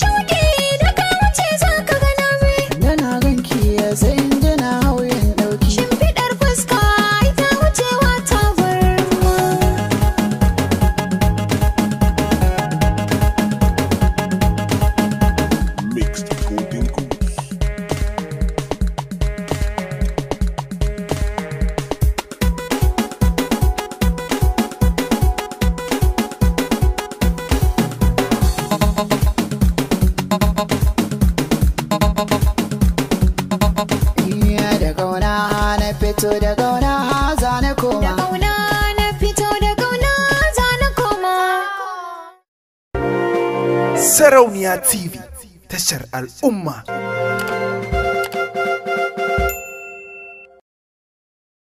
sure da gauna na fito da gauna za sarauniya tv tashar al'umma